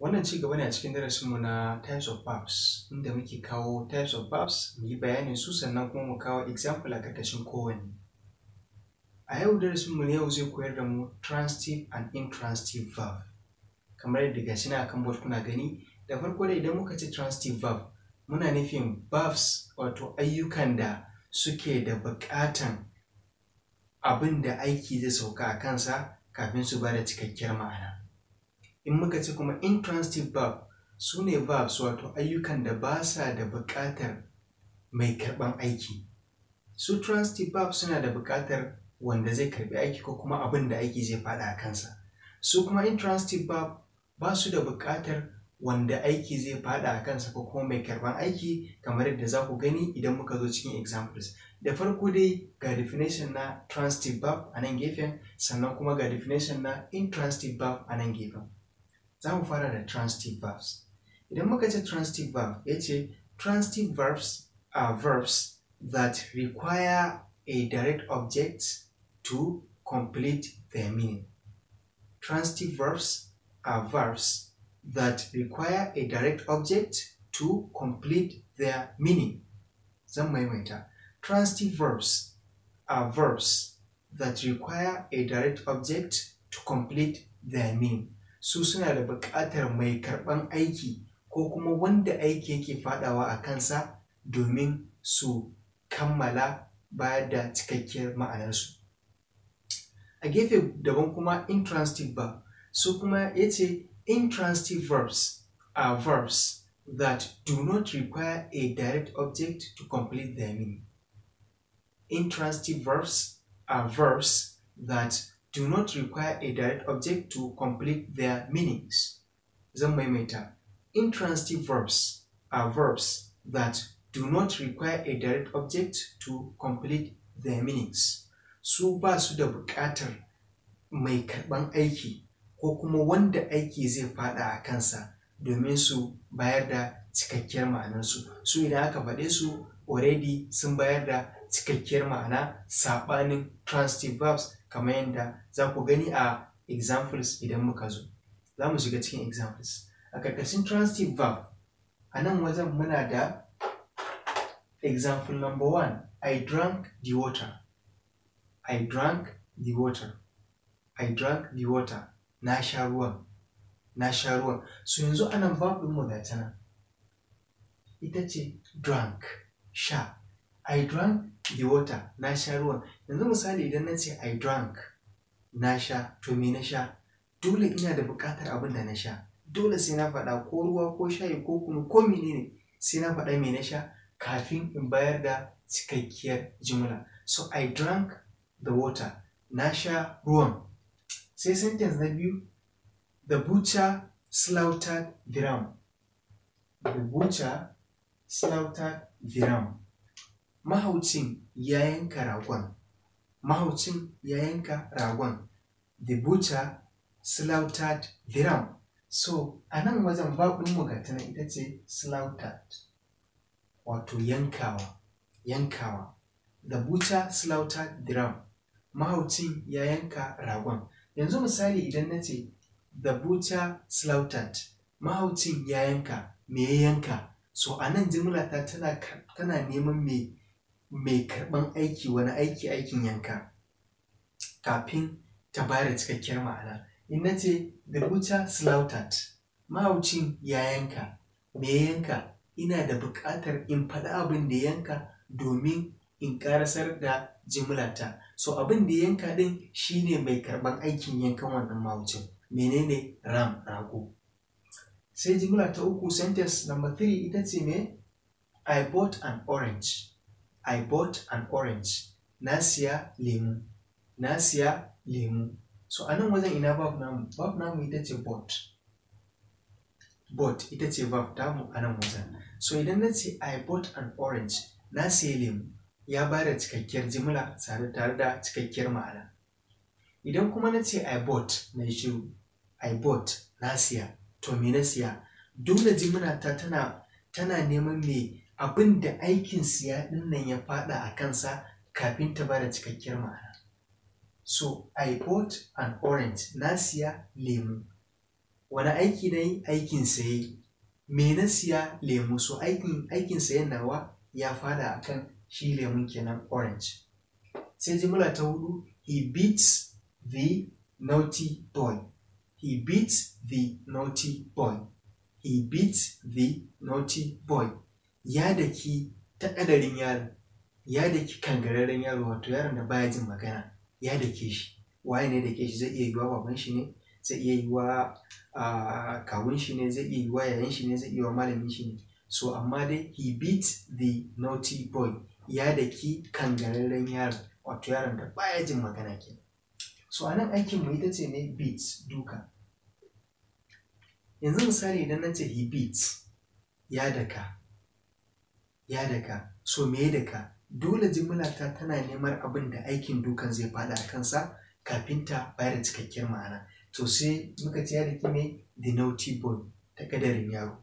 Wannan ci gaba ne a cikin darasinmu na types of verbs inda muke kawo types of verbs mu yi bayanin su sannan kuma mu kawo example a ƙarƙashin kowanne. A yau darasinmu na yau zai koyar da mu transitive and intransitive verb. Kamar yadda ga shi na kan board kuna gani, da farko dai idan muka ce transitive verb muna nufin verbs wato ayyukan da suke da buƙatan abin da aiki zai sauka a kansa kafin su ba da cikakkiyar ma'ana. in muka ce kuma intransitive verb su ne verbs wato ayyukan da ba sa da buƙatar mai karɓan aiki su transitive verbs suna da buƙatar wanda zai karɓi aiki ko kuma abin da aiki zai faɗa a kansa su kuma intransitive verb ba su da buƙatar wanda aiki zai faɗa a kansa ko kuma mai karɓan aiki kamar yadda za ku gani idan muka zo cikin examples da farko dai ga definition na transitive verb a nan gefen sannan kuma ga definition na intransitive verb a nan gefen za mu fara da transitive verbs idan muka ce transitive verb ya ce transitive verbs are verbs that require a direct object to complete their meaning transitive verbs are verbs that require a direct object to complete their meaning zan maimaita transitive verbs are verbs that require a direct object to complete their meaning su suna da buƙatar mai karɓan aiki ko kuma wanda aiki yake faɗawa a kansa domin su kammala bayar da cikakkiyar ma'anarsu a gefe daban kuma intransitive verb su kuma ya ce intransitive verbs are verbs that do not require a direct object to complete their meaning intransitive verbs are verbs that do not require a direct object to complete their meanings. Zan maimaita. Intransitive verbs are verbs that do not require a direct object to complete their meanings. Su ba su da buƙatar mai karɓan aiki ko kuma wanda aiki zai faɗa a kansa domin su bayar da cikakkiyar ma'anarsu. Su idan aka faɗe su already sun bayar da cikakkiyar ma'ana saɓanin transitive verbs kamar yadda za ku gani a examples idan muka zo za mu shiga cikin examples a karkashin transitive verb a nan wajen muna da example number one i drank the water i drank the water i drank the water na sha ruwan na sha ruwan Su yanzu nan verb ɗin mu da ta nan ita ce drank sha i drank the water na sha ruwan yanzu misali idan na ce i drank na sha to me na sha dole ina da buƙatar abin da na sha dole sai na faɗa ko ruwa ko shayi ko kuma ko menene sai na faɗa me na sha kafin in bayar da cikakkiyar jimla so i drank the water na sha ruwan sai sentence na biyu the butcher slaughtered the ram the butcher slaughtered the ram mahaucin ya yanka ragon mahaucin ya yanka ragon the butcher slaughtered the ram so a nan wajen baƙinmu ga tana ita ce slaughtered wato yankawa yankawa the butcher slaughtered the ram mahaucin ya yanka ragon yanzu misali idan na ce the butcher slaughtered mahaucin ya yanka me ya yanka so a nan jimla ta tana, neman me mai karɓan aiki wani aiki aikin yanka kafin ta bayar cikakkiyar ma'ana in ce the butcher slaughtered mahaucin ya yanka me yanka ina da buƙatar in faɗi abin da yanka domin in ƙarasar da jimlata so abin da yanka ɗin shine mai karɓan aikin yankan wannan mahaucin menene ram rago sai jimla ta uku sentence number three ita ce me i bought an orange I bought an orange. Na siya lemu. Na siya lemu. So a nan wajen ina verb namu? Verb namu ita ce bought. Bought ita ce verb tamu a nan wajen. So idan na ce I bought an orange, na siya lemu. Ya bare da cikakkiyar jimla tare da cikakkiyar ma'ana. Idan kuma na ce I bought na I bought na siya, to me na siya. Dole jimla ta tana tana neman me abin da aikin siya nan ya faɗa a kansa kafin ta bada cikakkiyar ma'ana so i bought an orange na siya lemu wani aiki na yi aikin saye me na siya lemu so aikin aikin sayen nawa ya fada akan shi lemun kenan orange sai jimla ta hudu he beats the naughty boy he beats the naughty boy he beats the naughty boy ya daki ta ƙadarin yaro ya ki kangararren yaro wato yaron da baya jin magana ya ke shi waye ne ke shi zai iya yiwa baban shi ne zai iya yiwa kawun shi ne zai iya yiwa yayin shi ne zai iya yiwuwa malamin shi ne so amma dai he beat the naughty boy ya daki kangararren yaro wato yaron da baya jin magana ke so anan aikin mu ita ce ne beat duka yanzu misali idan na ce he beat ya daka ya daka so me daga dole ta tana neman abin da aikin dukan zai fada a kansa kafin ta bayar da cikakkiyar ma'ana to sai muka ce ya daki ne the naughty boy ta kadarin yaro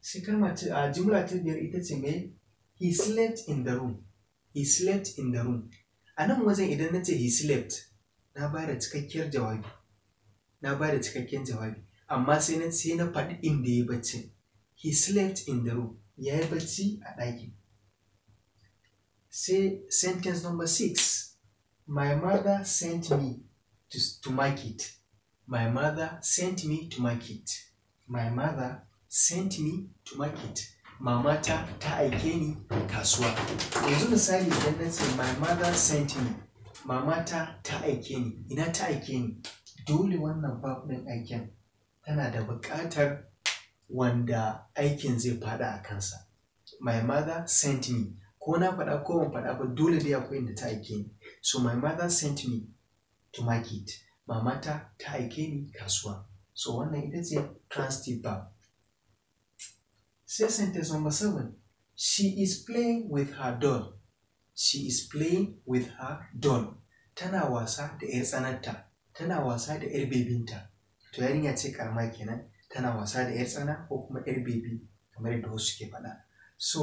sai kalma ce a jimla ta biyar ita ce mai he slept in the room he slept in the room a nan wajen idan na ce he slept na bayar da cikakkiyar jawabi na bayar da cikakkiyar jawabi amma sai na sai na faɗi inda ya bacci he slept in the room ya yi bacci a ɗakin sai sentence number six my mother sent me to, to market my mother sent me to market my mother sent me to market mamata ta aike ni kasuwa yanzu misali idan na ce my mother sent me mamata ta aike ni ina ta aike ni dole wannan babu aiken tana da buƙatar wanda aikin zai fada a kansa my mother sent me ko na faɗa ko ban faɗa ba dole dai akwai inda ta aike ni so my mother sent me to market mamata ta aike ni kasuwa so wannan ita ce transitive verb sai sentence number seven she is playing with her doll she is playing with her doll tana wasa da 'yar tsananta. tana wasa da 'yar bebinta to yarinya ce karama kenan tana wasa da 'yar tsana ko kuma 'yar bebi kamar yadda wasu ke faɗa so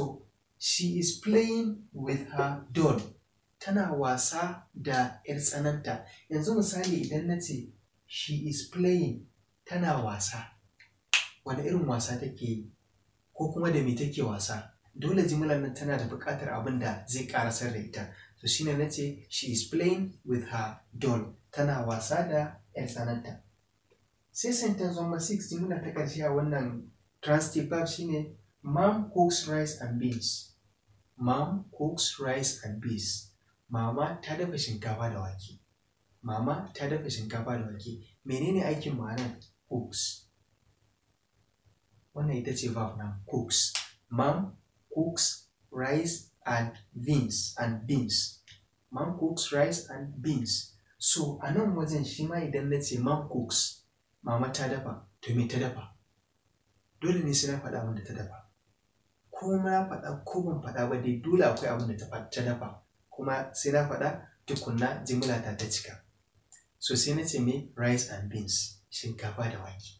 she is playing with her doll tana wasa da 'yar tsananta yanzu misali idan na ce she is playing tana wasa wani irin wasa take yi ko kuma da me take wasa dole jimlar nan tana da buƙatar abin da zai ƙarasar da ita to shine na ce she is playing with her doll tana wasa da 'yar tsananta sai sentence number 60 muna ta ƙarshe a wannan transitive verb shine mom cooks rice and beans mom cooks rice and beans mama ta dafa shinkafa da wake mama ta dafa shinkafa da wake menene aikin ma'ana cooks wannan ita ce verb na cooks mom cooks rice and beans and beans mom cooks rice and beans so a nan wajen shi ma idan na ce mom cooks mama ta dafa to me ta dafa dole ne sai na faɗa abin da ta dafa ko na faɗa ko ban faɗa ba dai dole akwai abin da ta dafa kuma sai na faɗa tukunna jimla ta ta cika so sai na ce me rice and beans shinkafa da wake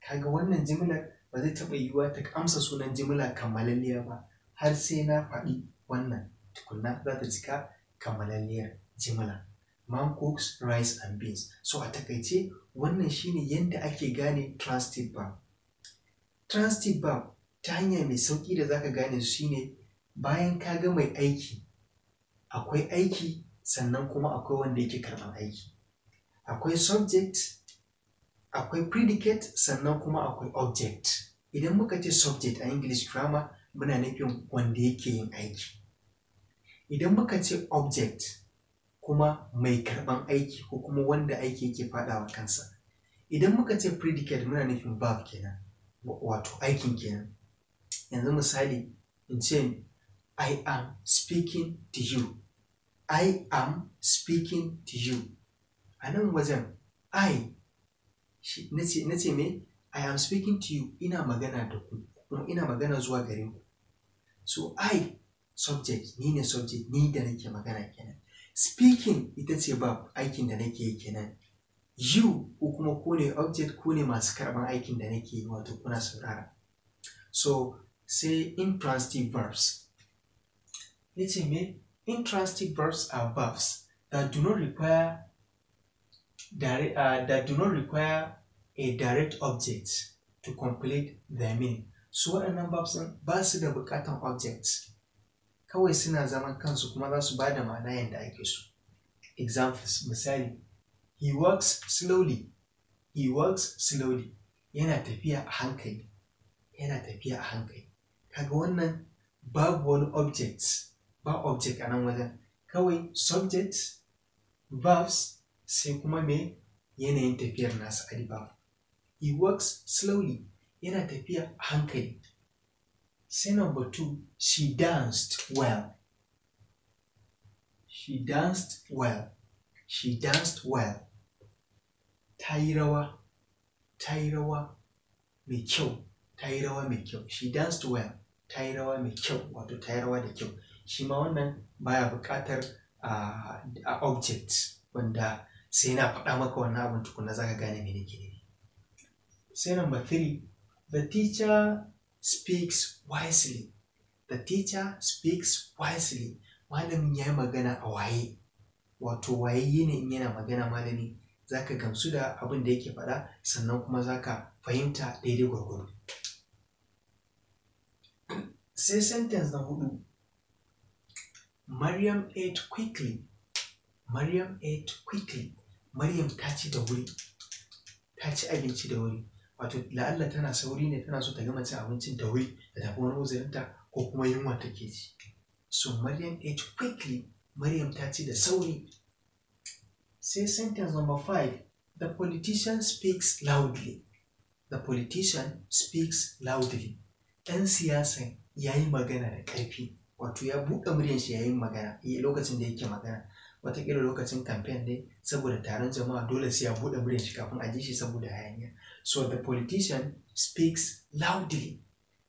kaga wannan jimlar ba zai taɓa yiwuwa ta amsa sunan jimla kammalalliya ba har sai na faɗi wannan tukunna za ta cika kammalalliyar jimla man cooks rice and beans so a takaice wannan shine yadda ake gane transitive verb transitive verb ta hanya mai sauki da zaka gane su shine bayan ka ga mai aiki akwai aiki sannan kuma akwai wanda yake karɓar aiki akwai subject akwai predicate sannan kuma akwai object idan muka ce subject a english grammar muna nufin wanda yake yin aiki idan muka ce object kuma mai karɓan aiki ko kuma wanda aiki yake faɗawa kansa idan muka ce predicate muna nufin verb kenan wato aikin kenan yanzu misali in ce i am speaking to you i am speaking to you a nan wajen i na ce me i am speaking to you ina magana da ku kuma ina magana zuwa gare ku so i subject ni ne subject ni da nake magana kenan speaking ita ce ba aikin da nake yi kenan you ko kuma ku ne object ku ne masu karban aikin da nake yi wato kuna saurara so sai intransitive verbs yace me intransitive verbs are verbs that do not require direct, uh, that do not require a direct object to complete their meaning su waɗannan verbs ba su da buƙatan objects kawai suna zaman kansu kuma za su ba da ma'ana yadda ake so examples misali he works slowly he works slowly yana tafiya a hankali yana tafiya a hankali kaga wannan babu wani object ba object a nan wajen kawai subject verbs sai kuma me yanayin tafiyar nasa alibaba. he works slowly yana tafiya a hankali Sai number two, she danced well. She danced well. She danced well. Ta yi rawa, ta yi rawa mai kyau, ta yi rawa mai kyau. She danced well. Ta yi rawa mai kyau, wato ta yi rawa da kyau. Shi wannan baya buƙatar a object wanda sai na faɗa maka wannan abin tukuna za ka gane ke Sai number three, the teacher speaks wisely the teacher speaks wisely malamin ya yi magana a waye wato waye ne in yana magana malami zaka gamsu da abin da yake faɗa sannan kuma zaka fahimta daidai gwargwado sai sentence na hudu Maryam ate quickly Maryam ate quickly Maryam ta ci da wuri ta ci abinci da wuri wato la'alla tana sauri ne tana so ta gama cin abincin da wuri da tafi wani uzurinta ko kuma yunwa ta ke ci. so maryam ate eh, quickly maryam ta ci da sauri sai sentence number five the politician speaks loudly the politician speaks loudly ɗan siyasan ya yi magana da ƙarfi wato ya buɗe muryan shi yayin magana eh, lokacin da yake magana wataƙila lokacin kamfen dai saboda taron jama'a dole sai ya buɗe bure shi kafin a ji shi saboda hayaniya so the politician speaks loudly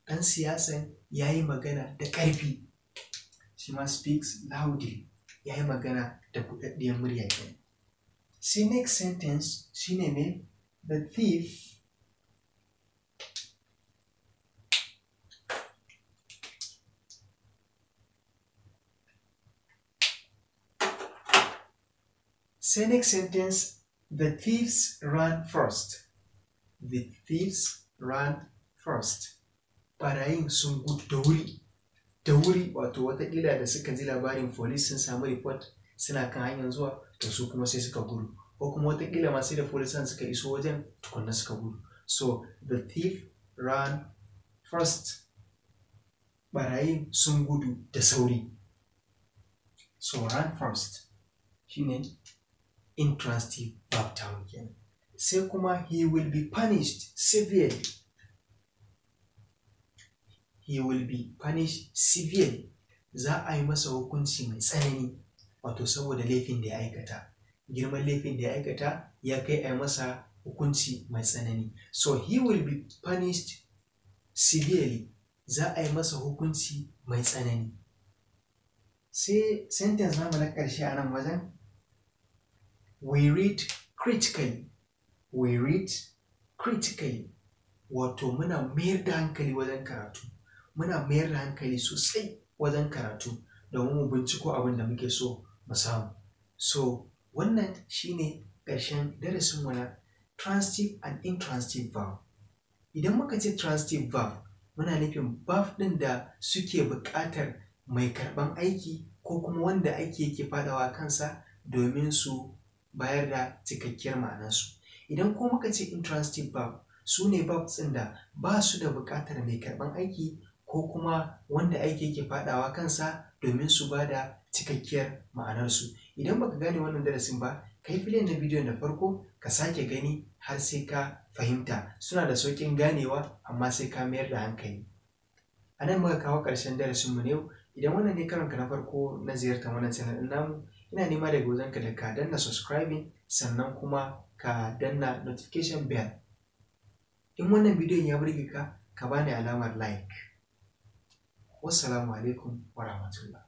ɗan siyasan ya yi magana da ƙarfi shi ma speaks loudly ya yi magana da buɗaɗɗiyar murya ke sai next sentence shine ne the thief Say next sentence, the thieves ran first. The thieves ran first. Para sun sungu wuri. Da wuri wato ila da suka ji labarin police sun samu report suna kan hanyar zuwa to su kuma sai suka gudu. Ko kuma ila masu da police suka iso wajen tukunna suka gudu. So the thief ran first. Barayin sun gudu da sauri. So run first. Shine intransitive baptism kenan sai kuma he will be punished severely he will be punished severely za a yi masa hukunci mai tsanani wato saboda laifin da ya aikata girman laifin da ya aikata ya kai a yi masa hukunci mai tsanani so he will be punished severely za a yi masa hukunci mai tsanani sai sentence mu na ƙarshe a nan wajen we read critically we read critically wato muna mayar da hankali wajen karatu muna mayar da hankali sosai wajen karatu domin mu binciko abin da muke so mu samu so wannan shine ƙarshen darasin wani transitive and intransitive verb idan muka ce transitive verb muna nufin verb ɗin da suke buƙatar mai karɓan aiki ko kuma wanda aiki yake fadawa kansa domin su bayar da cikakkiyar ma'anarsu idan ko muka ce interesting verb su ne verbs ɗin da ba su da buƙatar mai karɓan aiki ko kuma wanda aiki yake faɗawa kansa domin su ba da cikakkiyar ma'anarsu idan baka gane wannan darasin ba kai filin na bidiyon da farko ka sake gani har sai ka fahimta suna da sauƙin ganewa amma sai ka mayar da hankali a nan muka kawo ƙarshen darasinmu ne yau idan wannan ne karanka na farko na ziyartar wannan sanadin namu ina nema daga wajenka da ka danna subscribing sannan kuma ka danna notification bell in wannan bidiyon ya burge ka ka bani alamar like wassalamu alaikum wa